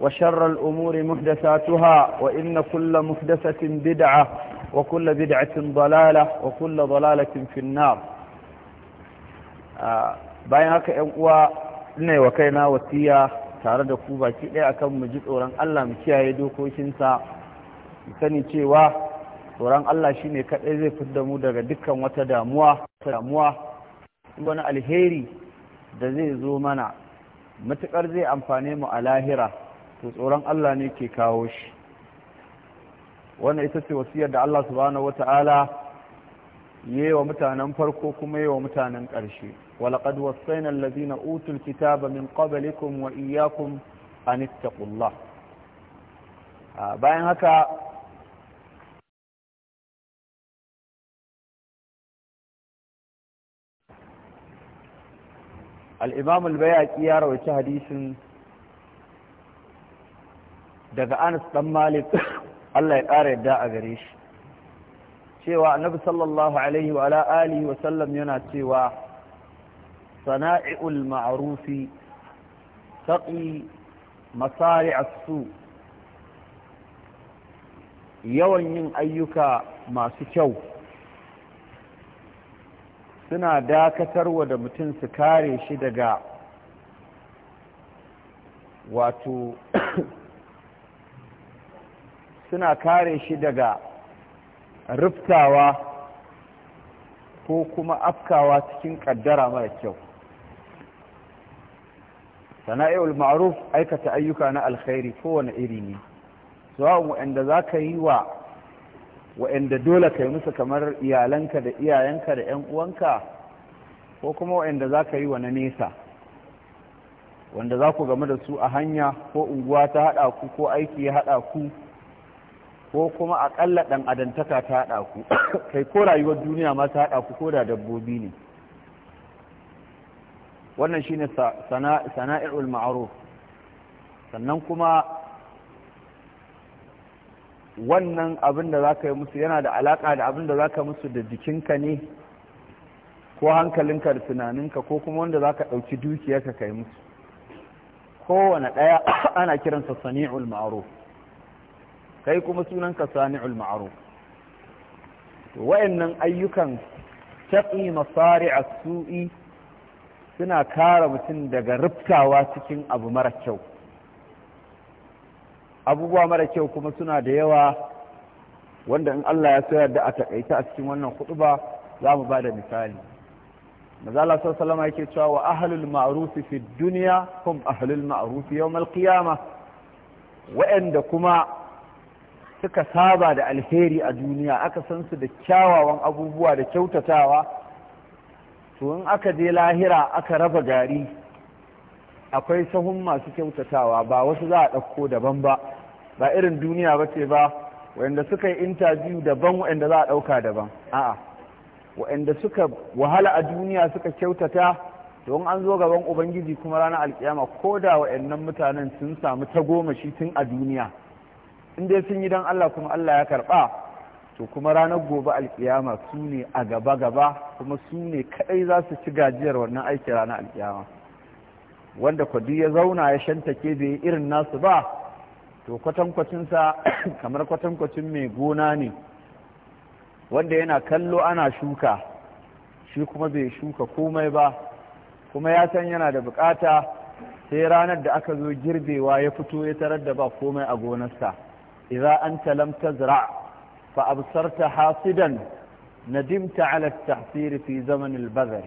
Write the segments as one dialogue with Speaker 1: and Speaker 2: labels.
Speaker 1: وشر الأمور محدثاتها وإن كل محدثة بدعة وكل بدعة ضلالة وكل ضلالة في النار bayan haka ‘yan uwa ne wa kaina wasiya tare da ku baki ɗaya akan mu ji tsoron Allah mu kiyaye dokokinsa mu sani cewa tsoron Allah shine kaɗai zai da mu daga dukkan wata damuwa damuwa wani alheri da zai zo mana matuƙar zai amfane mu a lahira to tsoron Allah ne ke kawo shi wannan ita ce wasiyar da Allah subhanahu wata'ala yi wa mutanen farko kuma yi wa mutanen ƙarshe walaƙad wasaina allazina utul kitaba min qablikum wa iyyakum an ittaqullah bayan haka al-imam al-bayhaqi ya rawaita hadisin daga anas dan malik Allah ya ƙara yadda a gare shi cewa annabi sallallahu alaihi wa alihi wa sallam yana cewa sana'i'ul ma'rufi taqi masari'as su yawan yin ayyuka masu kyau suna dakatarwa da mutum su kare shi daga wato suna kare shi daga ruftawa ko kuma afkawa cikin kaddara mara kyau Sana'ar ma'ruf aikata ayyuka na alkhairi kowane iri ne zuwa waɗanda za ka yi wa waɗanda dole ka yi musu kamar iyalanka da iyayenka da 'yan uwanka ko kuma waɗanda za ka yi wa na nesa wanda za ku game da su a hanya ko unguwa ta haɗa ku ko aiki ya haɗa ku ko kuma aƙalla ɗan adantaka ta haɗa kai ko rayuwar duniya ma ta haɗa ko da dabbobi ne wannan shi shine sana'irul ma'ruf sannan kuma wannan abin da za ka yi musu yana da alaƙa da abin da za ka musu da jikinka ne ko hankalinka da tunaninka ko kuma wanda za ka ɗauki dukiyarka ka yi musu kowane ɗaya ana kiransa sani'ul ma'ruf kai kuma sunanka sani'ul ma'ruf wayannan ayyukan taqi masari as-su'i suna kare mutum daga rifkawa cikin abu mara kyau abubuwa mara kyau kuma suna da yawa wanda in Allah ya sayar da a takaita a cikin wannan huɗuba za mu ba da misali mazala sallama yake cewa wa ahlul ma'ruf fi dunya hum ahlul ma'ruf yawm al-qiyamah wa'anda kuma suka saba da alheri a duniya aka san su da kyawawan abubuwa da kyautatawa to in aka je lahira aka raba gari akwai sahun masu kyautatawa ba wasu za a ɗauko daban ba ba irin duniya ba ce ba wanda suka yi intabiyu daban wanda za a ɗauka daban a'a wanda suka wahala a duniya suka kyautata don an zo gaban ubangiji kuma ranar alkiyama ko da wa'annan mutanen sun samu ta tagomashi tun a duniya in dai sun yi don Allah kuma Allah ya karɓa to kuma ranar gobe alkiyama su ne a gaba gaba kuma su ne kaɗai za su ci gajiyar wannan aiki ranar alkiyama wanda kwadu ya zauna ya shantake bai irin nasu ba to kwatankwacinsa kamar kwatankwacin mai gona ne wanda yana kallo ana shuka shi kuma bai shuka komai ba kuma ya san yana da bukata sai ranar da aka zo girbewa ya fito ya tarar da ba komai a gonarsa idza anta lam tazra fa absarta hasidan nadimta ala at-tahsir fi zaman al-badr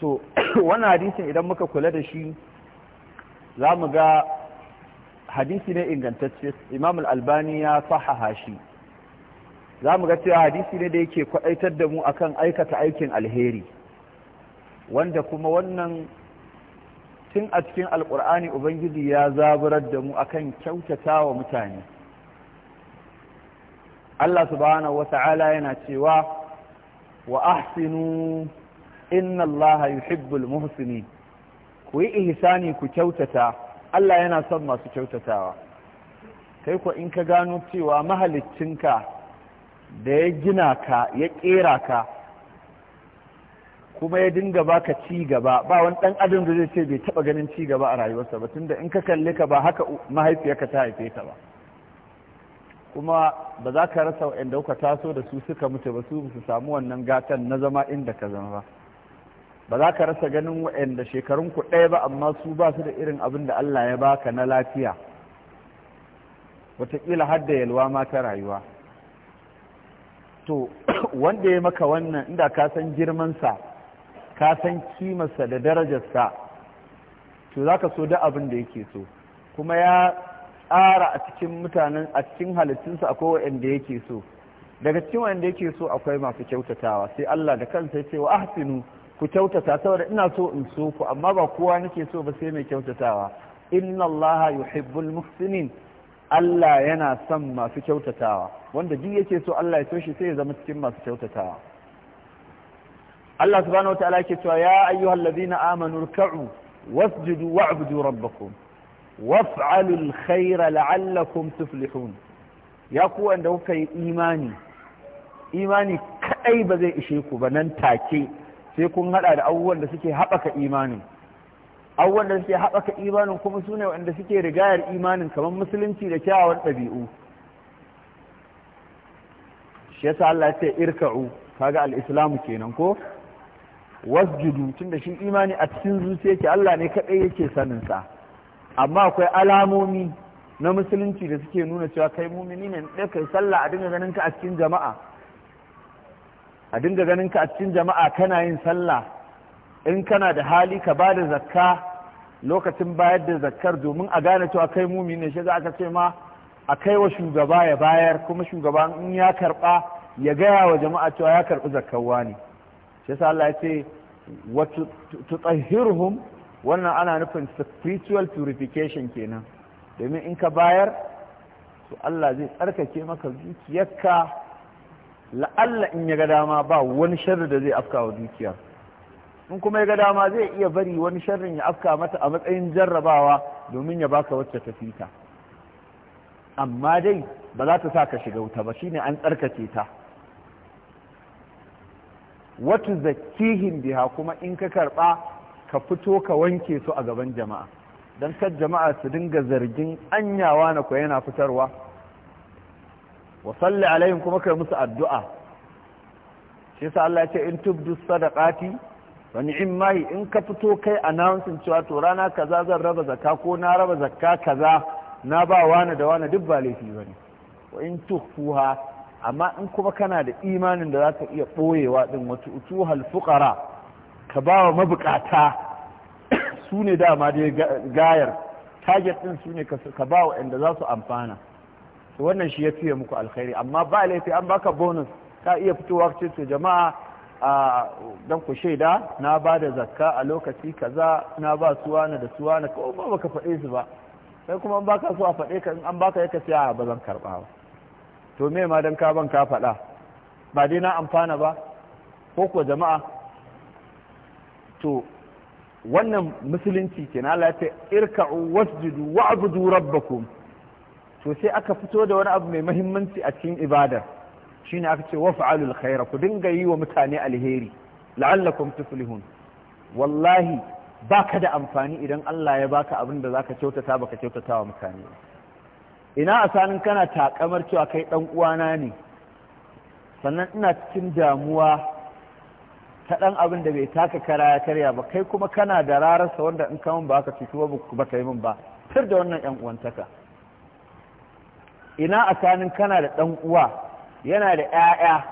Speaker 1: to wannan hadisin idan muka kula da shi za mu ga hadisi ne ingantacce imam al-albani ya sahaha shi za mu ga cewa hadisi ne da yake kwaɗaitar da mu akan aikata aikin alheri wanda kuma wannan tun a cikin alkur'ani ubangiji ya zaburar da mu akan kyautata wa mutane Allah subhanahu wata'ala yana cewa wa ahsinu inna Allah yuhibbul muhsini ku yi ihsani ku kyautata Allah yana son masu kyautatawa kai ko in ka gano cewa mahaliccinka da ya gina ka ya kera ka kuma ya dinga baka ci gaba ba wani dan adam da zai ce bai taba ganin ci gaba a rayuwarsa ba tunda in ka kalle ka ba haka mahaifiyarka ta haife ka ba kuma ba za ka rasa wa'anda kuka taso da su suka mutu ba su su samu wannan gatan na zama inda ka zama ba ba za ka rasa ganin wa'anda shekarun ku ɗaya ba amma su ba su da irin abin da Allah ya baka na lafiya wataƙila har da yalwa ma ta rayuwa to wanda ya maka wannan inda ka san girmansa ka san kimarsa da darajarsa to za ka so da abin da yake so kuma ya tsara a cikin mutanen a cikin halittunsa akwai wa'anda yake so daga cikin wa'anda yake so akwai masu kyautatawa sai Allah da kansa ya ce wa ahsinu ku kyautata saboda ina so in so ku amma ba kowa nake so ba sai mai kyautatawa inna allaha yuhibbul muhsinin Allah yana son masu kyautatawa wanda duk yake so Allah ya so shi sai ya zama cikin masu kyautatawa Allah subhanahu wataala ke cewa ya ayyuhal ladhina amanu ruk'u wasjudu wa'budu rabbakum waf'alu alkhayra la'allakum tuflihun ya ku wanda kuka yi imani imani kadai ba zai ishe ku ba nan take sai kun hada da abubuwan da suke haɓaka imanin abubuwan da suke haɓaka imanin kuma su ne waɗanda suke rigayar imanin kamar musulunci da kyawawan ɗabi'u shi yasa Allah ya ce irka'u kaga al-islamu kenan ko wasjudu da shi imani a cikin zuciya yake Allah ne kadai yake sanin sa amma akwai alamomi na musulunci da suke nuna cewa kai mumini ne da kai sallah a dinga ganin ka a cikin jama'a a dinga ganin ka a cikin jama'a kana yin sallah in kana da hali ka ba da zakka lokacin bayar da zakkar domin a gane cewa kai mumini ne shi za ka ce ma a kai wa shugaba ya bayar kuma shugaba in ya karba ya gaya wa jama'a cewa ya karbi zakkarwa ne shi yasa Allah ya ce wa tutahhiruhum wannan ana nufin spiritual purification kenan domin in ka bayar to Allah zai tsarkake maka zuciyarka la'alla in ya ga dama ba wani sharri da zai afka wa dukiyar in kuma ya ga dama zai iya bari wani sharrin ya afka mata a matsayin jarrabawa domin ya baka wacce ta fita amma dai ba za ta sa ka shiga wuta ba shine an tsarkake ta watu zakihin biha kuma in ka karɓa ka fito ka wanke su a gaban jama'a don kar jama'a su dinga zargin anyawa na ko yana fitarwa wa salli alaihim kuma kai musu addu'a shi yasa Allah ya ce in tubdu sadaqati wa ni'ma in ka fito kai announcing cewa to rana kaza zan raba zakka ko na raba zakka kaza na ba wani da wani duk ba laifi bane wa in tukhfuha amma in kuma kana da imanin da za ka iya ɓoyewa ɗin wata utu halfukara ka ba wa mabukata su ne dama da gayar target ɗin su ne ka ba wa inda za su amfana to wannan shi ya fiye muku alkhairi amma ba laifi an baka bonus ka iya fitowa ce to jama'a a don ku shaida na ba da zakka a lokaci kaza na ba suwana da suwana ko ba ka faɗe su ba sai kuma an baka su a faɗe ka in an baka ya ka siya a ba zan karɓa to me ma dan kaban ka faɗa ba dai na amfana ba ko ko jama'a to wannan musulunci kenan Allah ya ce irka'u wasjudu wa'budu rabbakum to sai aka fito da wani abu mai mahimmanci a cikin ibada shine aka ce waf'alul khaira ku dinga yi wa mutane alheri la'allakum tuflihun wallahi baka da amfani idan Allah ya baka abin da zaka kyautata baka kyautata wa mutane ina a sanin kana takamar cewa kai ɗan uwana ne sannan ina cikin damuwa ta ɗan abin da bai taka kara ya karya ba kai kuma kana da rararsa wanda in kamun ba aka cutu ba ka yi min ba fir da wannan yan uwantaka ina a sanin kana da ɗan uwa yana da 'ya'ya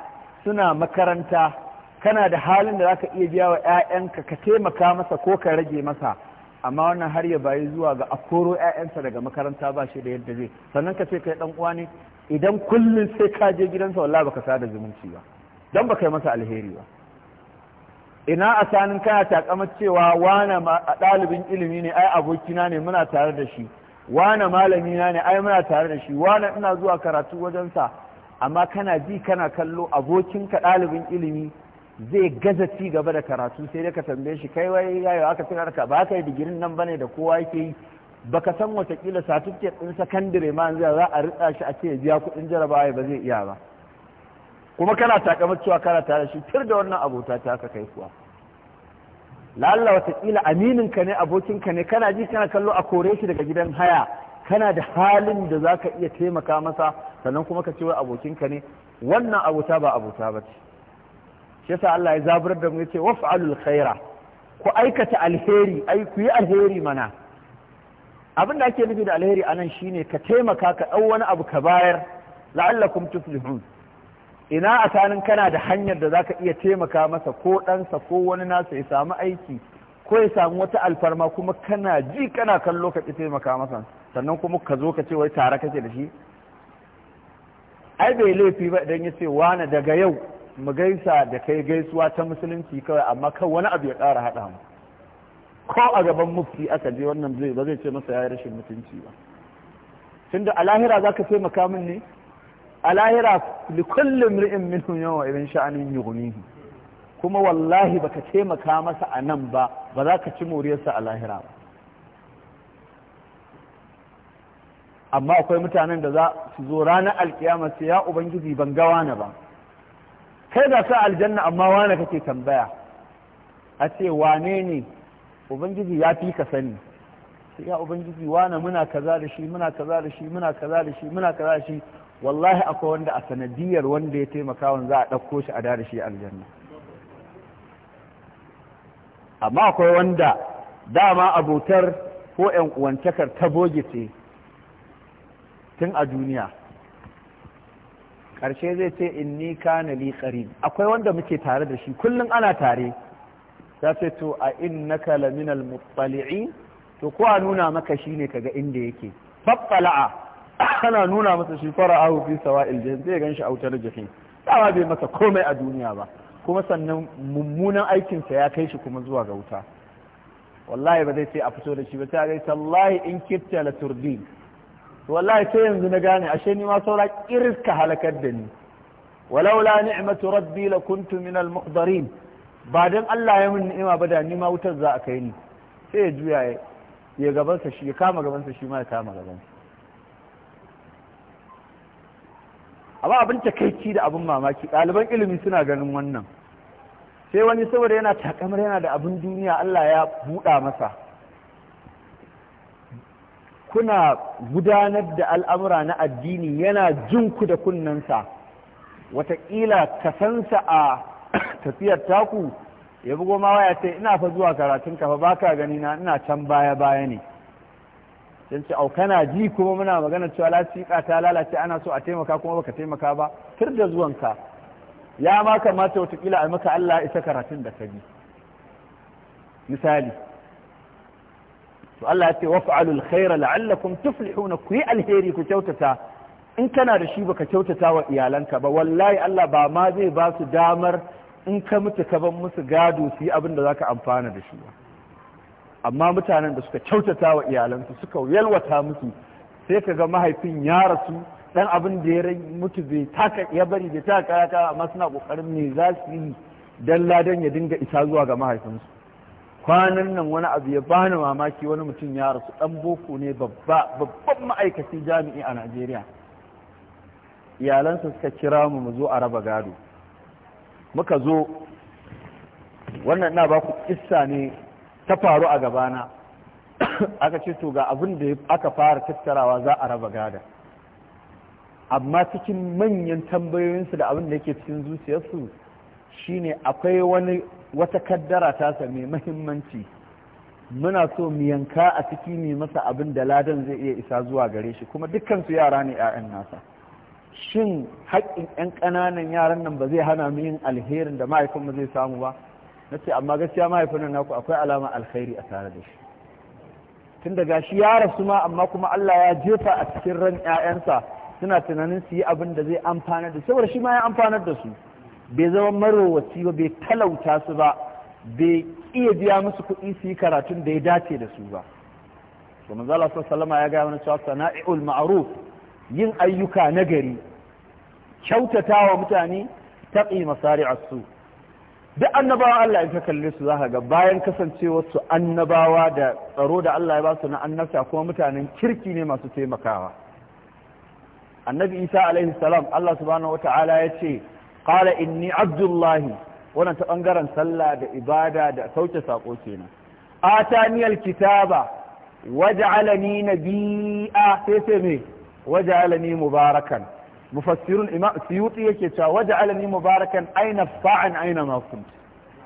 Speaker 1: suna makaranta kana da halin da zaka iya biya wa 'ya'yanka ka taimaka masa ko ka rage masa amma wannan har ya bayi zuwa ga akoro ƴaƴansa daga makaranta ba shi da yadda zai sannan ka ce kai dan uwa ne idan kullum sai ka je gidansa wallahi baka sada zumunci ba dan baka yi masa alheri ba ina a sanin kana takamar cewa wane ɗalibin ilimi ne ai abokina ne muna tare da shi wane malami na ne ai muna tare da shi wane ina zuwa karatu wajensa amma kana ji kana kallo abokinka ɗalibin ilimi zai gaza ci gaba da karatu sai dai ka tambaye shi kai wai yayo aka tuna ka ba ka yi digirin nan bane da kowa yake yi baka san watakila certificate din sakandare ma yanzu za a ritsa shi a ce ya biya kuɗin jarabawa ba zai iya ba kuma kana takamar cewa kana tare shi tur da wannan abota ta ka kai kuwa lalla watakila aminin ka ne abokin ka ne kana ji kana kallo a kore shi daga gidan haya kana da halin da zaka iya taimaka masa sannan kuma ka ce wai abokin ka ne wannan abota ba abota ba ce yasa Allah ya zabar da mu yace waf'alul khaira ku aikata alheri ai ku yi alheri mana abin da ake nufi da alheri anan shine ka taimaka ka ɗau wani abu ka bayar la'allakum tuflihun ina asanin kana da hanyar da zaka iya taimaka masa ko sa ko wani nasa ya samu aiki ko ya samu wata alfarma kuma kana ji kana kallo ka taimaka masa sannan kuma ka zo ka ce wai tare kake da shi ai bai laifi ba idan yace ce wani daga yau mu gaisa da kai gaisuwa ta musulunci kawai amma kan wani abu ya ƙara haɗa mu ko a gaban mufti aka je wannan zai ba zai ce masa ya rashin mutunci ba tunda a lahira za ka taimaka min ne a lahira li kulli mri'in minhum yawma irin sha'anin yughnihi kuma wallahi baka taimaka masa a nan ba ba za ka ci moriyarsa a lahira ba amma akwai mutanen da za su zo ranar alkiyama sai ya ubangiji ban gawa na ba kai ga sa aljanna amma wane kake tambaya a ce wane ne ubangiji ya fi ka sani sai ya ubangiji wane muna kaza da shi muna kaza da shi muna kaza da shi muna kaza da shi wallahi akwai wanda a sanadiyar wanda ya taimaka wani za a ɗauko shi a da shi aljanna amma akwai wanda dama abotar ko 'yan uwantakar ta boge ce tun a duniya ƙarshe zai ce inni na li qarin akwai wanda muke tare da shi kullum ana tare ta ce to a in na laminal muttali'in to ko a nuna maka shi ne kaga inda yake fattala'a ana nuna masa shi fara ahu fi sawa jahim zai ganshi a wutar jahim dawa bai masa komai a duniya ba kuma sannan mummunan aikinsa ya kai shi kuma zuwa ga wuta wallahi ba zai ce a fito da shi ba sai a gaisa wallahi in kifta la to wallahi sai yanzu na gane ashe ni ma saura kirka halakar da ni walaula ni'matu rabbi lakuntu min al-muhdarin ba dan Allah ya min ni'ima ba da ni ma wutar za a kai ni sai ya juya ya sa shi ya kama gabansa shi ma ya kama gaban. sa amma abin takaici da abin mamaki ɗaliban ilimi suna ganin wannan sai wani saboda yana takamar yana da abin duniya Allah ya buɗa masa kuna gudanar da al'amura na addini yana jin ku da kunnensa wataƙila kasansa a tafiyar taku ya bugo mawa waya ce ina fa zuwa karatun kafa ba ka gani na ina can baya baya ne sun ce kana ji kuma muna magana cewa lafiƙa ta lalace ana so a taimaka kuma baka taimaka ba tur da zuwanka ya ma kamata watakila a maka Allah isa karatun da ka bi misali to Allah ya ce waf'alul khaira la'allakum tuflihuna ku yi alheri ku kyautata in kana da shi baka kyautata wa iyalanka ba wallahi Allah ba ma zai ba su damar in ka mutu ka ban musu gado su yi abin da zaka amfana da shi ba amma mutanen da suka kyautata wa iyalansu suka yalwata musu sai ka ga mahaifin ya rasu dan abin da ya mutu bai taka ya bari bai taka kaya amma suna kokarin me za su yi dan ladan ya dinga isa zuwa ga mahaifinsu kwanan nan wani abu ya bani mamaki wani mutum ya rasu dan boko ne babban ma'aikaci jami'i a najeriya iyalansa suka kira mu mu zo a raba gado muka zo wannan na baku issa ne ta faru a gabana aka ce to ga abin da aka fara tattarawa za a raba gada amma cikin manyan tambayoyinsu da abin da yake cikin zuciyarsu shine akwai wani wata kaddara ta mai mahimmanci muna so mu yanka a ciki ne masa abin da ladan zai iya isa zuwa gare shi kuma dukkan yara ne 'ya'yan nasa shin haƙƙin 'yan ƙananan yaran nan ba zai hana mu yin alherin da mahaifinmu zai samu ba na ce amma gaskiya mahaifin naku akwai alama alkhairi a tare da shi tun daga shi ya rasu ma amma kuma Allah ya jefa a cikin ran 'ya'yansa suna tunanin su yi abin da zai amfana da saboda shi ma ya amfanar da su bai zama marowaci ba bai talauta su ba bai iya biya musu kuɗi su yi karatun da ya dace da su ba to manzo Allah sallallahu ya ga mana cewa sana'iul ma'ruf yin ayyuka nagari kyautatawa mutane taqi masari'as su duk annabawa Allah ya ka kalle su zaka ga bayan kasancewar su annabawa da tsaro da Allah ya ba su na annabta kuma mutanen kirki ne masu taimakawa annabi Isa alaihi salam Allah subhanahu wata'ala ya ce qala inni abdullahi wannan ta bangaren sallah da ibada da sauke sako kenan atani alkitaba waj'alani nabiyya sai sai me waj'alani mubarakan mufassirun imam suyuti yake cewa waj'alani mubarakan aina fa'an aina ma kunt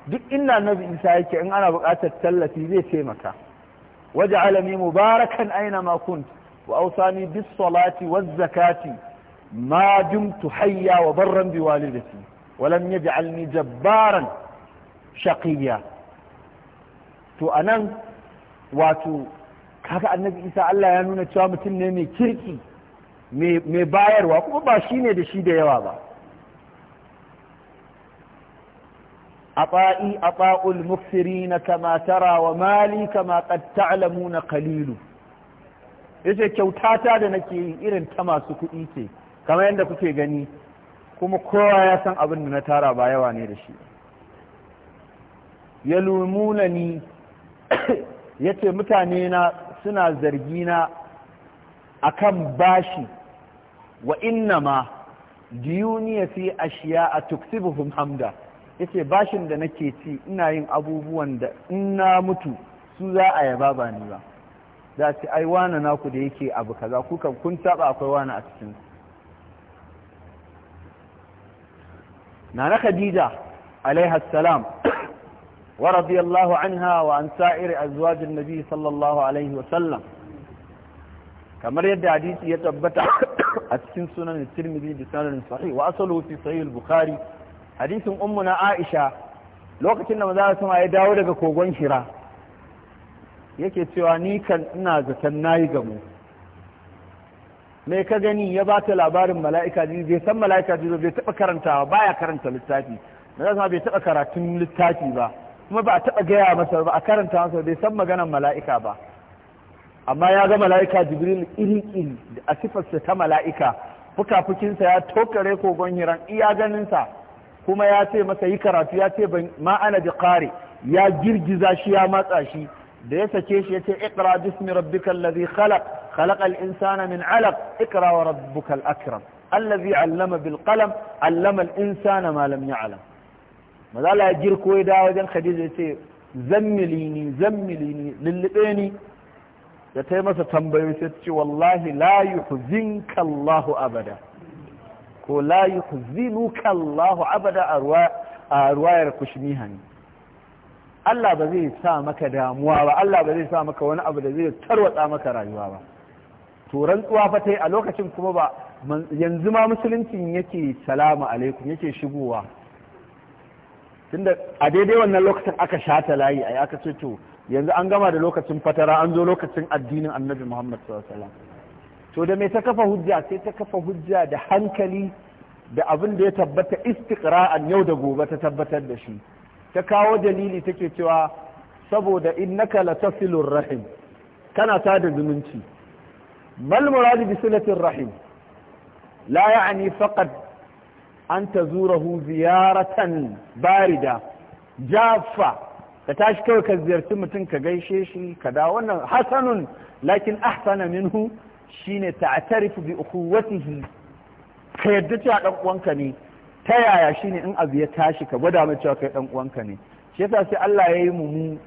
Speaker 1: duk inda nabi isa yake in ana buƙatar tallafi zai taimaka waj'alani mubarakan aina ma kunt wa awsani bis salati waz zakati ما دمت حيا وبرا بوالدتي ولم يجعلني جبارا شقيا to anan wato kaka annabi isa Allah ya nuna cewa mutum ne mai kirki mai bayarwa kuma ba shi ne da shi da yawa ba أطائي أطاء المكثرين كما ترى ومالي كما قد تعلمون قليل yace kyautata da nake yi irin ta masu kuɗi ce kama yadda kuke gani kuma kowa ya san abin da na tara ba yawa ne da shi ya lumuna ni ya ce mutane na suna zargina a kan bashi wa inna ma duniya fi ashiya a tuksibuhum hamda ya ce bashin da nake ci ina yin abubuwan da ina mutu su za a yaba ba ni ba za ce ai wane naku da yake abu kaza kukan kun taba akwai wane a cikin nana khadija alaiha salam wa radiyallahu anha wa an sa'ir azwajin nabi sallallahu alaihi sallam kamar yadda hadisi ya tabbata a cikin sunan tirmidhi da sanan sahih wa asalu fi sahih al-bukhari hadisin ummuna aisha lokacin da maza sama ya dawo daga kogon shira yake cewa ni kan ina zaton nayi gamu Mai ka gani ya ba ta labarin mala'ika ji bai san mala'ika ji bai taba karantawa baya karanta littafi na ma bai taba karatun littafi ba kuma ba a taba gaya masa ba a karanta masa bai san maganan mala'ika ba amma ya ga mala'ika jibril iri-iri a sifarsa ta mala'ika fukafukinsa ya tokare kogon hiran iya ganinsa kuma ya ce masa yi karatu ya ce ma ana bi ya girgiza shi ya matsa shi da ya sake shi ce iqra bismi rabbikal ladhi khalaq al insana min 'alaq iqra wa rabbukal akram alladhi 'allama bil qalam 'allama al insana ma lam ya'lam maza Allah ya girko ya dawo wajen Khadija yace zammilini zammilini ni da ta masa tambayoyi sai ta ce wallahi la yuhzinka Allahu abada ko la yuhzinuka Allahu abada a ruwayar kushmiha ne Allah ba zai sa maka damuwa ba Allah ba zai sa maka wani abu da zai tarwatsa maka rayuwa ba to rantsuwa fa tai a lokacin kuma ba yanzu ma musuluncin yake salamu alaikum yake shigowa tunda a daidai wannan lokacin aka shata layi ai aka ce to yanzu an gama da lokacin fatara an zo lokacin addinin annabi Muhammad sallallahu alaihi to da mai ta kafa hujja sai ta kafa hujja da hankali da abin da ya tabbata istiqra'an yau da gobe ta tabbatar da shi ta kawo dalili take cewa saboda innaka latasilur rahim kana ta da zumunci mal murad bi silatir rahim la ya'ni faqat an tazurahu ziyaratan barida jaffa ka tashi kawai ka ziyarci mutum ka gaishe shi ka da wannan hasanun lakin ahsana minhu shine ta'tarifu bi ukhuwatihi ka yadda cewa dan uwanka ne ta yaya shi ne in abu ya tashi ka gwada mai cewa kai ɗan uwanka ne shi yasa sai Allah ya yi mu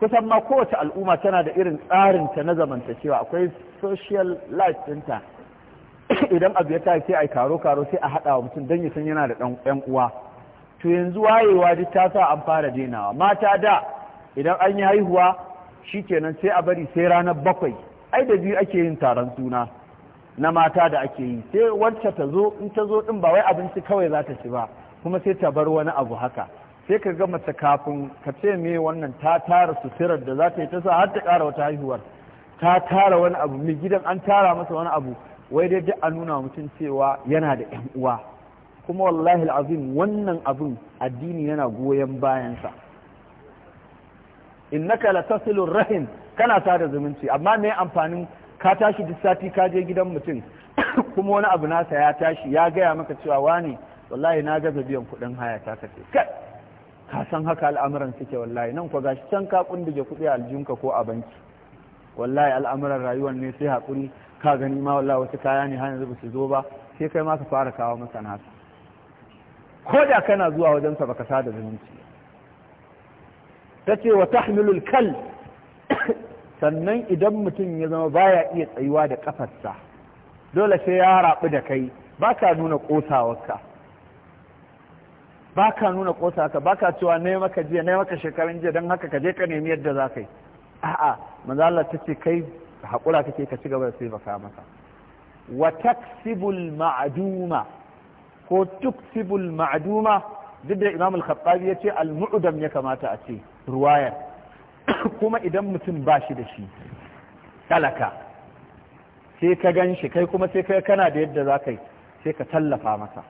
Speaker 1: kusan ma kowace al'umma tana da irin tsarin ta na zamantakewa akwai social life ɗinta idan abu ya tashi sai yi karo karo sai a haɗa wa mutum dan ya san yana da ɗan uwa to yanzu wayewa duk ta sa an fara denawa mata da idan an yi haihuwa shikenan sai a bari sai ranar bakwai ai da biyu ake yin taron suna na mata da ake yi sai wacce ta zo in ta zo din ba wai abinci kawai za ta ci ba kuma sai ta bar wani abu haka sai ka ga mace kafin ka ce me wannan ta tara suturar da za ta yi ta sa har ta ƙara wata haihuwar ta tara wani abu mai gidan an tara masa wani abu wai dai duk a nuna mutum cewa yana da ƴan uwa kuma wallahi al'azim wannan abin addini yana goyon bayansa innaka latasilu rahim kana sada zumunci amma me amfanin ka tashi duk sati ka je gidan mutum kuma wani abu nasa ya tashi ya gaya maka cewa wani wallahi na gaza biyan kuɗin haya ta kace ce ka san haka al'amuran suke wallahi nan ko gashi can ka kundige kuɗi a aljinka ko a banki wallahi al'amuran rayuwar ne sai haƙuri ka gani ma wallahi wasu kaya ne hanyar yanzu ba su zo ba sai kai ma ka fara kawo masa nasa ko da kana zuwa wajen wajensa baka sada zumunci ta ce wa tahmilul kal sannan idan mutum ya zama baya iya tsayuwa da kafarsa dole sai ya rabu da kai ba ka nuna ƙosawarka ba ka nuna ƙosawarka ba ka cewa na maka jiya na maka shekarun jiya don haka ka je ka nemi yadda za ka yi a'a manzo ta ce kai haƙura kake ka ci gaba da sai baka maka wa taksibul ma'aduma ko tuksibul ma'aduma, duk da Imam al-Khattabi ya ce al-mu'dam ya kamata a ce ruwayar kuma idan mutum ba shi da shi talaka sai ka gan shi kai kuma sai kai kana da yadda za ka yi sai ka tallafa masa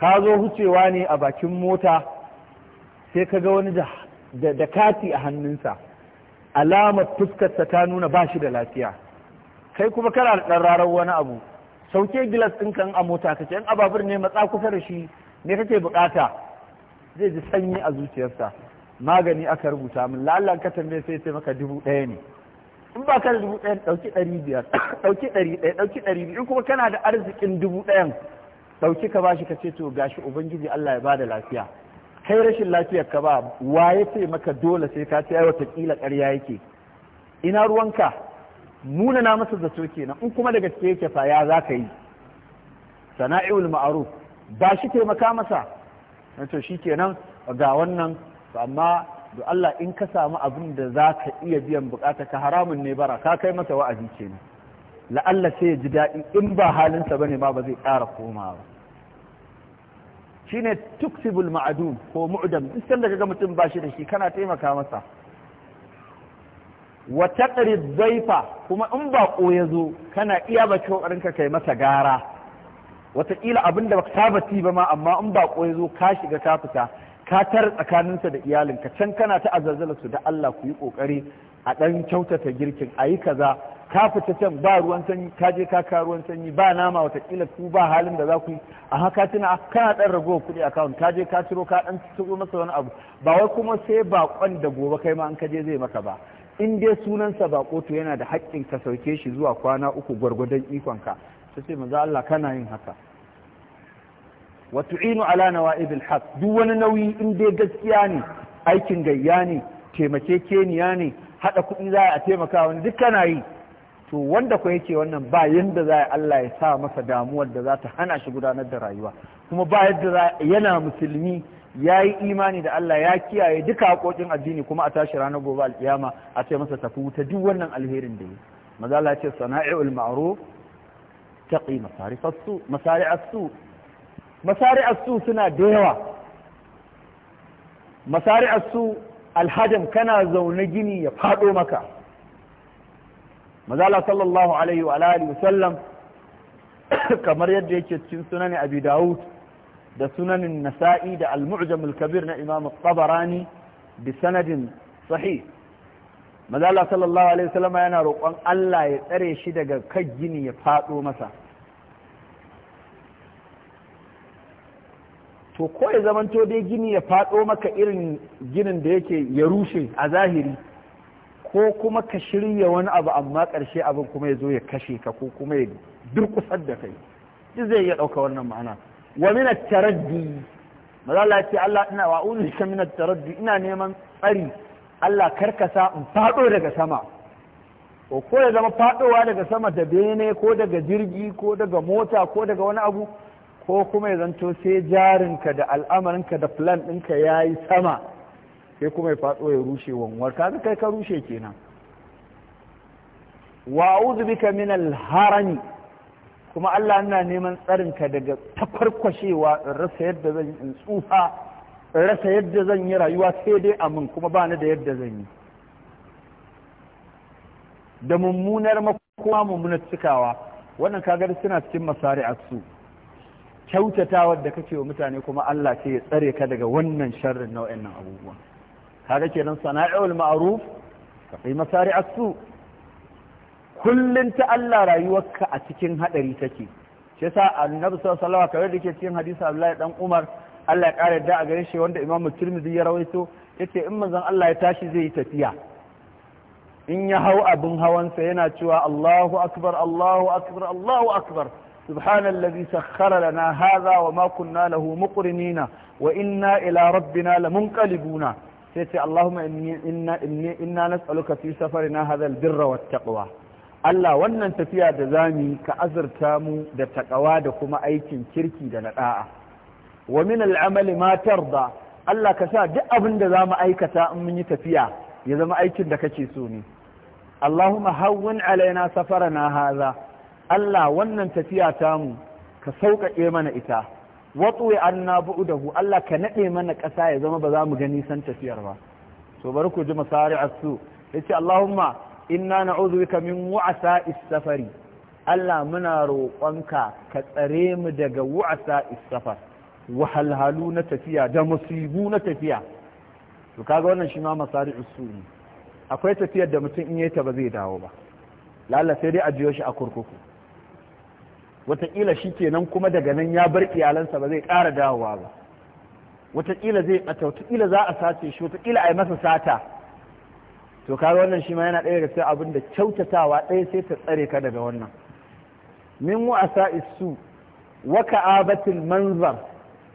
Speaker 1: ka zo hucewa ne a bakin mota sai ka ga wani da kati a hannunsa alamar fuskarsa ta nuna ba shi da lafiya kai kuma kana da ɗan wani abu sauke gilas ɗin kan a mota ce, in ababur ne matsa kusa da shi ne kake bukata zai ji sanyi a zuciyarsa magani aka rubuta min lallan ka tambaye sai sai maka dubu ɗaya ne in ba ka da dubu ɗaya ɗauki ɗari biyar ɗauki ɗari ɗaya ɗauki ɗari biyu kuma kana da arzikin dubu ɗayan ɗauki ka bashi ka ce to gashi ubangiji Allah ya bada lafiya kai rashin lafiyar ka ba waye ce maka dole sai ka ce ai watakila ƙarya yake ina ruwanka muna na masa zato kenan in kuma daga cikin yake fa ya za ka yi sana'ul ma'ruf ba shi taimaka masa to shikenan ga wannan to amma da Allah in ka samu abin da za ka iya biyan bukata ka haramun ne bara ka kai masa wa'azi kenan la'alla sai ya ji daɗi in ba halinsa ba ne ma ba zai ƙara komawa shine tuksibul ma'adun ko mu'dam duk sanda kaga mutum ba shi da shi kana taimaka masa wa taqrid dhaifa kuma in ba ko yazo kana iya ba kokarin ka kai masa gara wataƙila abin da baka saba ci ba ma amma in ba ko yazo ka shiga ka fita ka tar tsakaninsa da iyalinka can kana ta azazzala su da Allah ku yi kokari a ɗan kyautata girkin a yi kaza ka fita can ba ruwan sanyi ka je ka ka ruwan sanyi ba nama watakila ku ba halin da za ku yi a haka tuna kana ɗan ragowar kuɗi akawun ka je ka ciro ka ɗan ciro masa wani abu ba wai kuma sai baƙon da gobe kai ma an ka je zai maka ba in dai sunansa baƙo to yana da haƙƙin ka sauke shi zuwa kwana uku gwargwadon ikonka sai sai manzo Allah kana yin haka wa tu'inu ala ibil haq duk wani nauyi in gaskiya ne aikin gayya ne taimake keniya ne haɗa kuɗi za a taimaka wani duk kana yi to wanda ku yake wannan ba yadda za Allah ya sa masa damuwar da za ta hana shi gudanar da rayuwa kuma ba yadda yana musulmi ya yi imani da Allah ya kiyaye duka haƙoƙin addini kuma a tashi ranar gobe alƙiyama a ce masa tafi wuta duk wannan alherin da yi mazala ce sana'i'ul ma'ruf taqi masari'as su masari'arsu suna da yawa masari'arsu alhajam kana zaune gini ya faɗo maka mazala sallallahu alaihi wa alihi sallam kamar yadda yake cikin sunanin abi dawud da sunanin nasa'i da al-mu'jam al-kabir na imam tabarani bi sanadin sahih mazala sallallahu alaihi wa sallam yana roƙon Allah ya tsare shi daga kan gini ya faɗo masa to ko ya zamanto dai gini ya faɗo maka irin ginin da yake ya rushe a zahiri ko kuma ka shirya wani abu amma ƙarshe abin kuma ya zo ya kashe ka ko kuma ya durkusar da kai duk zai iya ɗauka wannan ma'ana wa min at-taraddi mazalla ce Allah ina wa uzika min at-taraddi ina neman tsari Allah karkasa in faɗo daga sama ko ko ya zama faɗowa daga sama da bene ko daga jirgi ko daga mota ko daga wani abu ko kuma ya zanto sai jarinka da al'amarinka da plan ɗinka ya yi sama sai kuma ya faɗo ya rushe wanwar kaga kai ka rushe kenan wa bika min harami kuma Allah ina neman tsarinka daga tafarkwashewa in rasa yadda zan in tsufa rasa yadda zan yi rayuwa sai dai amin kuma ba ni da yadda zan yi da mummunar makoma mummunar cikawa wannan kagar suna cikin masari'ar su Kyautata da kake wa mutane kuma Allah ce ya tsare ka daga wannan sharrin nau'in nan abubuwa kaga kenan sana'ul ma'ruf ka kai masari'at su kullun ta Allah rayuwarka a cikin hadari take shi yasa annabi sallallahu alaihi wasallam da ke cikin hadisi Abdullahi dan Umar Allah ya kare da a gare shi wanda Imam Tirmidhi ya rawaito yace in manzon Allah ya tashi zai yi tafiya in ya hau abin hawansa yana cewa Allahu akbar Allahu akbar Allahu akbar سبحان الذي سخر لنا هذا وما كنا له مقرنين وإنا إلى ربنا لمنقلبون سيتي اللهم إني إنا, إنا نسألك في سفرنا هذا البر والتقوى Allah wannan tafiya da zami ka azurta mu da takawa da kuma aikin kirki da naɗa'a wa min al'amali matar da Allah ka sa duk abin da za mu aikata in mun yi tafiya ya zama aikin da kake so ne Allahumma hawwin alaina na haza Allah wannan tafiya tamu ka sauƙaƙe mana ita watsuwe an na hu, Allah ka naɗe mana ƙasa ya zama ba za mu gani san tafiyar ba to bari ku ji masari su yace Allahumma inna na'udhu bika min wa'sa is Allah muna roƙonka ka tsare mu daga wa'sa is-safar wahalhalu na tafiya da musibu na tafiya to kaga wannan shi ma masari su akwai tafiyar da mutum in yayi ta ba zai dawo ba lallai sai dai a jiyo shi a kurkuku wataƙila shi kenan kuma daga nan ya bar iyalansa ba zai ƙara dawowa ba wataƙila zai ɓata wataƙila za a sace shi wataƙila a yi masa sata to kaga wannan shi ma yana ɗaya da cikin abin da kyautatawa ɗaya sai ta tsare ka daga wannan min wa'asa isu wa ka'abatil manzar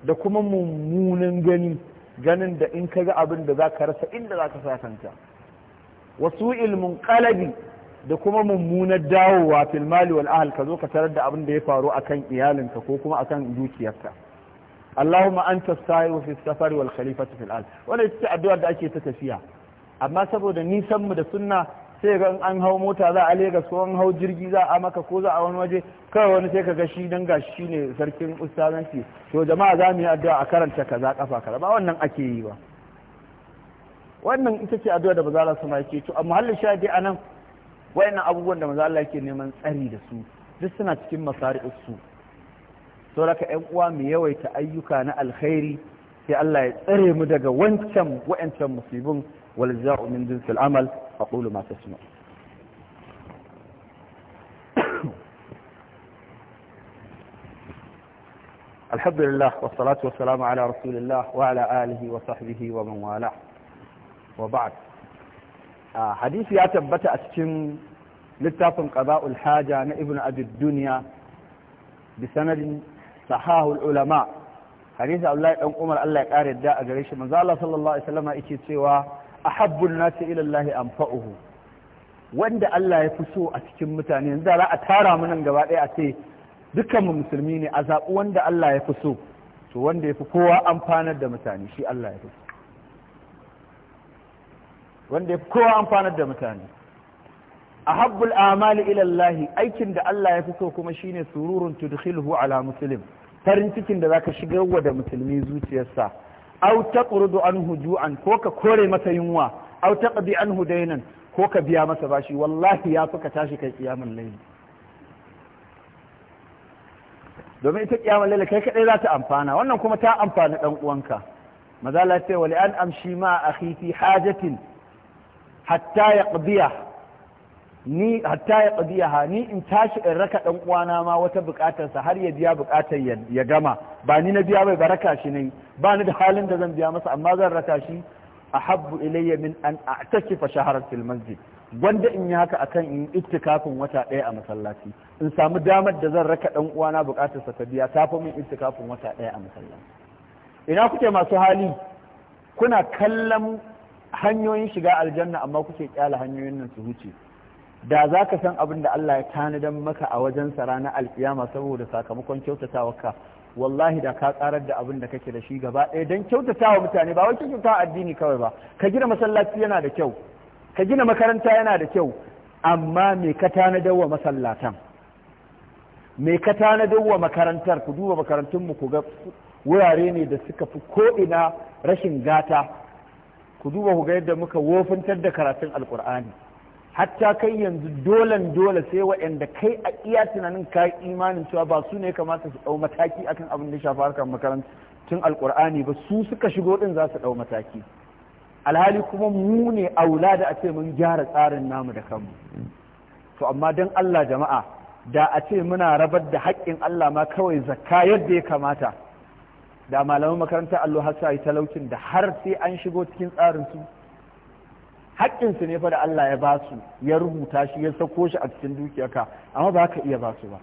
Speaker 1: da kuma mummunan gani ganin da in ga abin da ka rasa inda ka sa Wasu wasu'il ƙalabi. da kuma mummunar dawowa fil mali wal ahl ka zo ka tarar da abin da ya faru akan iyalinka ko kuma akan dukiyarka Allahumma anta sa'iru fi safari wal khalifatu fil ard wannan ita addu'ar da ake ta tafiya amma saboda nisan mu da sunna sai ga an hau mota za a legas ko an hau jirgi za a maka ko za a wani waje kai wani sai ka ga shi dan gashi shine sarkin ustazanci to jama'a za mu yi addu'a a karanta kaza kafa kaza ba wannan ake yi ba wannan ita ce addu'a da bazara su ma yake to a muhallin shadi anan wayannan abubuwan da manzo Allah yake neman tsari da su duk suna cikin masari'us su saboda ƴan uwa mai yawaita ayyuka na alkhairi sai Allah ya tsare mu daga wancan wayancan musibin wal za'u min jinsil amal aqulu ma tasma'u الحمد لله والصلاة والسلام على رسول الله وعلى آله وصحبه ومن والاه وبعد hadisi ya tabbata a cikin littafin qada'ul haja na ibn abi dunya bi sanadin sahahul ulama hadisi Allah dan Umar Allah ya kare da a gare shi manzo Allah sallallahu alaihi wasallam yake cewa ahabbun nasi ila Allah anfa'uhu wanda Allah ya fi so a cikin mutane yanzu za a tara mu nan gaba ɗaya a ce dukkan mu musulmi ne a zaɓi wanda Allah ya fi so to wanda ya fi kowa amfanar da mutane shi Allah ya fi so wanda ya kowa amfanar da mutane a habbul amali ilallahi aikin da Allah ya fi so kuma shine sururun tudkhilhu ala muslim farin cikin da zaka shigar wa da musulmi zuciyarsa aw taqrudu anhu ju'an ko ka kore masa yunwa aw taqdi anhu daynan ko ka biya masa bashi wallahi ya fi ka tashi kai kiyamul layl domin ita kiyamul layl kai kadai za ta amfana wannan kuma ta amfana dan uwanka mazala ce wali an amshi ma akhi fi hajatin hatta ya ni ni in tashi in raka ɗan uwana ma wata buƙatarsa har ya biya buƙatar ya gama ba ni na biya bai ba raka shi ne ba ni da halin da zan biya masa amma zan raka shi ahabbu ilayya min an a'takifa shaharar fil masjid in yi haka akan in ittikafin wata ɗaya a masallaci in samu damar da zan raka ɗan uwana buƙatarsa ta biya ta fi min ittikafin wata ɗaya a masallaci ina kuke masu hali kuna kallon hanyoyin shiga aljanna amma kuke kyala hanyoyin nan su huce da za ka san abin da Allah ya tanadan maka a wajen sa ranar alkiyama saboda sakamakon kyautatawa ka wallahi da ka karar da abin da kake da shi gaba ɗaya don kyautatawa mutane ba wai kyautatawa addini kawai ba ka gina masallaci yana da kyau ka gina makaranta yana da kyau amma me ka tanadar wa masallatan me ka tanadar wa makarantar ku duba mu ku ga wurare ne da suka fi ko ina rashin gata ku duba ku ga yadda muka wofintar da karatun alkur'ani hatta kai yanzu dolan dole sai waɗanda kai a iya tunanin ka imanin cewa ba su ne kamata su ɗau mataki akan abin da shafi harkar makarantun alkur'ani ba su suka shigo ɗin za su ɗau mataki alhali kuma mu ne aula da a ce mun gyara tsarin namu da kanmu to amma don Allah jama'a da a ce muna rabar da haƙƙin Allah ma kawai zakka yadda ya kamata da malaman makarantar allo har yi talaucin da har sai an shigo cikin tsarin su haƙƙinsu ne fa da Allah ya basu ya rubuta shi ya sako shi a cikin dukiyarka amma ba ka iya ba ba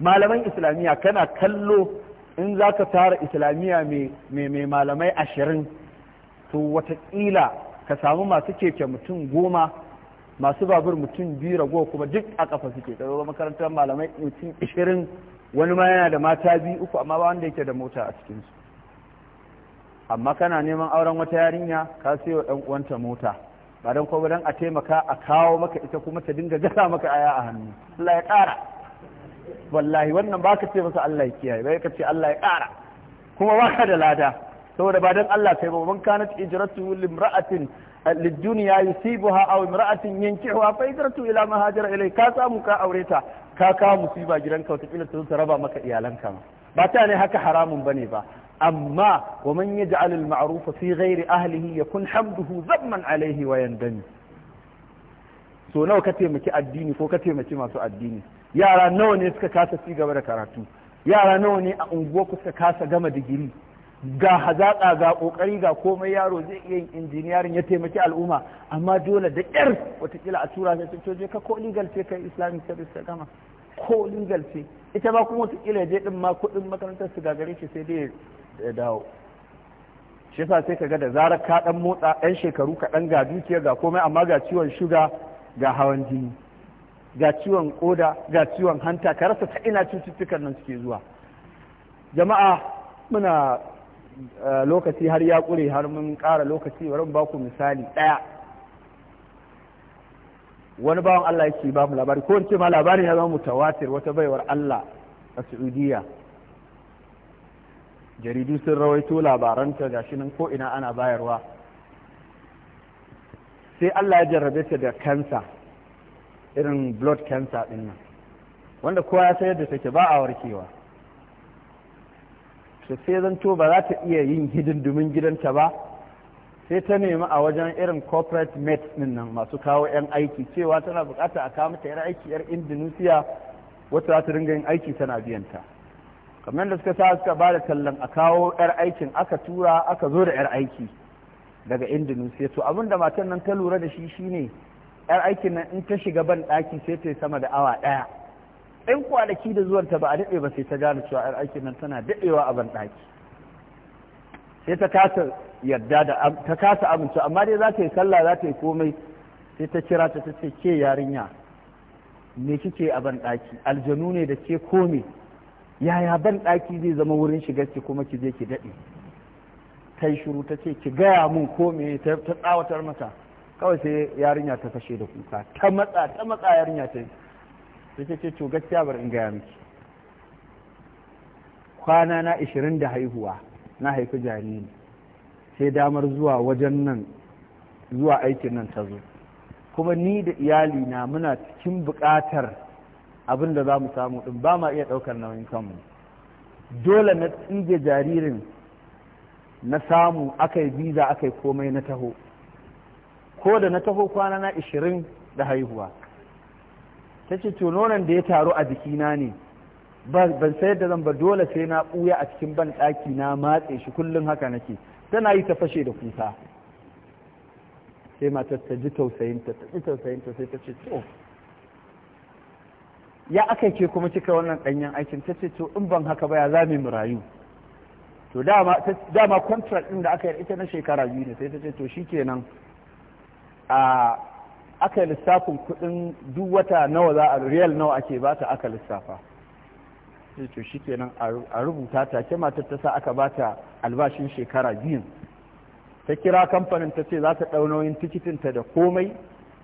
Speaker 1: malaman islamiyya kana kallo in za ka tara islamiyya mai malamai ashirin to watakila ka samu masu keke mutum goma masu babur mutum biyu rago kuma duk a ƙafa suke daga makarantar malamai mutum ishirin wani ma yana da mata biyu uku amma ba wanda yake da mota a cikinsu amma kana neman auren wata yarinya ka sayo dan uwanta mota ba don kuma don a taimaka a kawo maka ita kuma ta dinga gasa maka aya a hannu Allah ya ƙara wallahi wannan ba ka ce masa Allah ya kiyaye ba ka ce Allah ya ƙara kuma ba ka da lada saboda ba don Allah kai ba man kanat ijratu limra'atin للدنيا يصيبها أو امرأة ينكحها فهجرته إلى ما هاجر إليه ka samu ka aure ta ka kawo musiba gidanka wataƙila ta zo ta raba maka iyalanka ma ba ta ne haka haramun bane ba amma wa man yaj'al al-ma'ruf fi ghairi ahlihi yakun hamduhu zamman alayhi wa yandami so nawa ka taimaki addini ko ka taimaki masu addini yara nawa ne suka kasa ci gaba da karatu yara nawa ne a unguwa suka kasa gama digiri ga hazaƙa ga ƙoƙari ga komai yaro zai iya yin injiniyarin ya taimaki al'umma amma dole da ƙyar watakila a tura sun coje ka ko legal ce kai islamic service ta gama ko legal ce ita ba kuma watakila je din ma kuɗin makarantar su gagare shi sai dai ya dawo shi yasa sai kaga da zarar ka ɗan motsa ɗan shekaru kaɗan ga dukiya ga komai amma ga ciwon shuga ga hawan jini ga ciwon koda ga ciwon hanta ka rasa ta ina cututtukan nan suke zuwa jama'a muna Eh, lokaci har ya ƙure har mun ƙara lokaci bari ba ku misali ɗaya wani bawan Allah yake ba mu labari ko ce ma labarin ya zama mutawatir wata baiwar Allah a Saudiya jaridu sun rawaito labaranta shi nan ko ina ana bayarwa sai Allah ya jarrabe ta da kansa irin blood cancer ɗin nan wanda kowa ya sayar da take ba a warkewa to sai zanto ba za ta iya yin hidindumin gidanta ba sai ta nemi a wajen irin corporate mates din nan masu kawo 'yan aiki cewa tana bukata a kawo mata 'yar aiki 'yar indonesia wata za ta ringa yin aiki tana biyanta kamar da suka sa suka ba da tallan a kawo 'yar aikin aka tura aka zo da 'yar aiki daga indonesia to abin da matan nan ta lura da shi shine 'yar aikin nan in ta shiga ban ɗaki sai ta yi sama da awa ɗaya 'yan kwanaki da ta ba a daɗe ba sai ta gane cewa 'yar aikin nan tana daɗewa a banɗaki sai ta kasa yarda da ta kasa amince amma dai za ta yi sallah za ta yi komai sai ta kira ta ta ce ke yarinya me kike a banɗaki aljanu ne da ke kome yaya banɗaki zai zama wurin shigar ki kuma ki je ki daɗe ta yi shuru ta ce ki gaya mun ko me ta tsawatar mata kawai sai yarinya ta fashe da kuka ta matsa ta matsa yarinya ta yi. sai ce to gaskiya bar in gaya miki kwana na ishirin da haihuwa na haifi jariri sai damar zuwa wajen nan zuwa aikin nan ta zo kuma ni da iyali na muna cikin buƙatar abin da za mu samu din ba ma iya ɗaukar nauyin kanmu dole na tsige jaririn na samu aka yi biza aka yi komai na taho ko da na taho kwana na ishirin da haihuwa ta ce to nonon da ya taru a jikina ne ban sayar da zan ba dole sai na ɓuya a cikin ban ɗaki na matse shi kullum haka nake tana yi ta fashe da kusa sai matar ta ji tausayinta ta ji tausayinta sai ta ce to ya aka ke kuma cika wannan ɗanyen aikin ta ce to in ban haka ba ya za mu rayu to dama contract ɗin da aka yi ita na shekara biyu ne sai ta ce to shikenan a aka lissafin kuɗin duk wata nawa za a riyal nawa ake ba ta aka lissafa sai eh, to shi kenan a rubuta ta ke matar ta sa aka ba ta albashin shekara biyun ta kira kamfanin ta ce za ta ɗau nauyin tikitinta da komai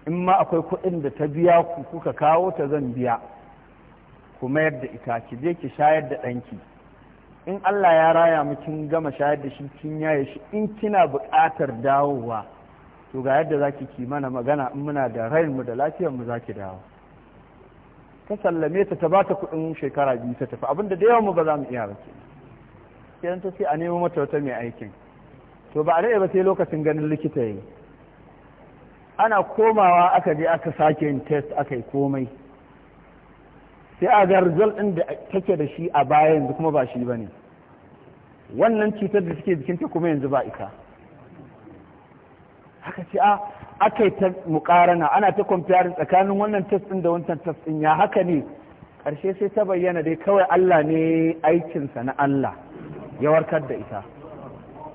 Speaker 1: in ma akwai kuɗin da ta biya ku kuka kawo ta zan biya ku mayar da ita ki je ki shayar da ɗanki in Allah ya raya mu kin gama shayar da shi kin yaye shi in kina buƙatar dawowa to ga yadda zaki ki mana magana in muna da mu da lafiyar mu zaki dawo ta sallame ta ta bata kuɗin shekara biyu ta tafi abinda da yawan mu ba za mu iya ba kiran ta sai a nemo mata wata mai aikin to ba a daɗe ba sai lokacin ganin likita yayi ana komawa aka je aka sake yin test aka yi komai sai a ga result ɗin da take da shi a baya yanzu kuma ba shi ba ne wannan cutar da take jikinta kuma yanzu ba ita aka ce a ah, aka yi ta mukarana ana ta kwamfiyarin tsakanin wannan test da wancan test ɗin ya haka ne ƙarshe sai ta bayyana dai kawai Allah ne aikinsa na Allah ya warkar da ita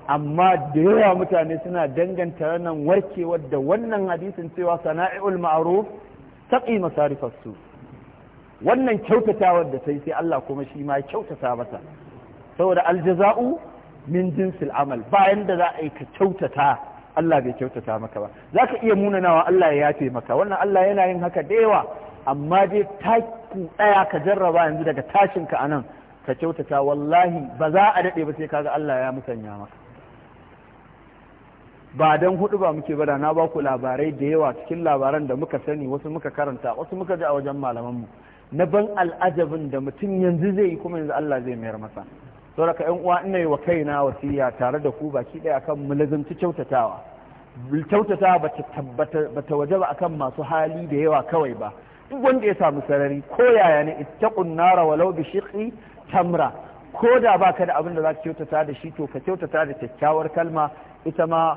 Speaker 1: amma da yawa mutane suna danganta wannan warkewar da wannan hadisin cewa sana'i'ul ma'ruf taqi masarifas wannan kyautatawar da sai sai Allah kuma shi ma kyautata mata saboda aljaza'u min jinsil amal bayan da za a yi kyautata Allah bai kyautata maka ba za ka iya munanawa Allah ya yafe maka wannan Allah yana yin haka da yawa amma dai taku ɗaya ka jarraba yanzu daga tashinka a nan ka kyautata wallahi ba za a daɗe ba sai kaga Allah ya musanya maka ba don hudu ba muke bada na ba ku labarai da yawa cikin labaran da muka sani wasu muka karanta wasu muka ji a wajen malamanmu na ban al'ajabin da mutum yanzu zai yi kuma yanzu Allah zai mayar masa sauraka yan uwa ina yi wa kaina wasiya tare da ku baki ɗaya akan mu kyautatawa kyautatawa ba ta waje ba akan masu hali da yawa kawai ba duk wanda ya samu sarari ko yaya ne ittaqun nara walau bi shiqqi tamra ko da baka da abin da zaka kyautata da shi to ka kyautata da kyakkyawar kalma ita ma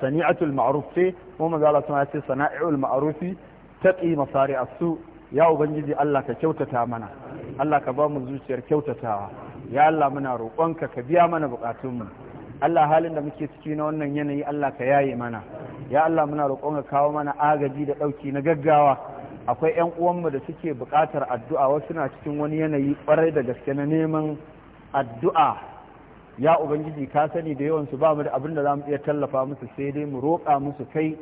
Speaker 1: sani'atul ma'ruf ce mu manzo Allah ta ce sana'iul ma'rufi taqi masari su ya ubangiji Allah ka kyautata mana Allah ka ba mu zuciyar kyautatawa ya Allah muna roƙonka ka biya mana buƙatunmu Allah halin da muke ciki na wannan yanayi Allah ka yaye mana ya Allah muna roƙonka kawo mana agaji da ɗauki na gaggawa akwai ƴan uwanmu da suke buƙatar addu'a wasu na cikin wani yanayi ƙwarai da gaske na neman addu'a ya ubangiji ka sani da yawan su ba mu da abin da za mu iya tallafa musu sai dai mu roƙa musu kai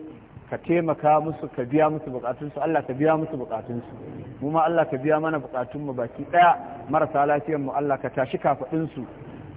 Speaker 1: ka taimaka musu ka biya musu bukatunsu Allah ka biya musu bukatunsu mu ma Allah ka biya mana bukatunmu baki daya marasa lafiyar mu Allah ka tashi su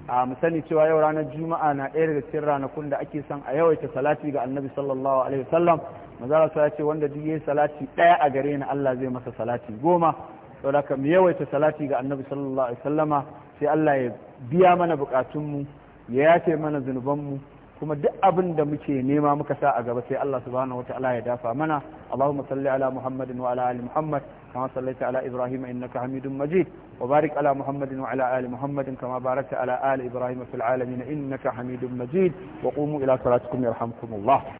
Speaker 1: a mu sani cewa yau ranar juma'a na ɗaya daga cikin ranakun da ake son a yawaita salati ga annabi sallallahu alaihi wasallam manzara sa ce wanda duk yayi salati ɗaya a gare ni Allah zai masa salati goma saboda ka mu yawaita salati ga annabi sallallahu alaihi wasallama sai Allah ya biya mana bukatunmu ya yace mana zunubanmu kuma duk abin da muke nema muka sa a gaba sai Allah subhanahu wataala ya dafa mana Allahumma salli ala Muhammadin wa ala ali Muhammad kama sallaita ala Ibrahim innaka hamidun Majid wa barik ala Muhammadin wa ala ali Muhammadin kama barakta ala ali Ibrahim fil alamin innaka Hamidum Majid wa qumu ila salatikum yarhamkumullah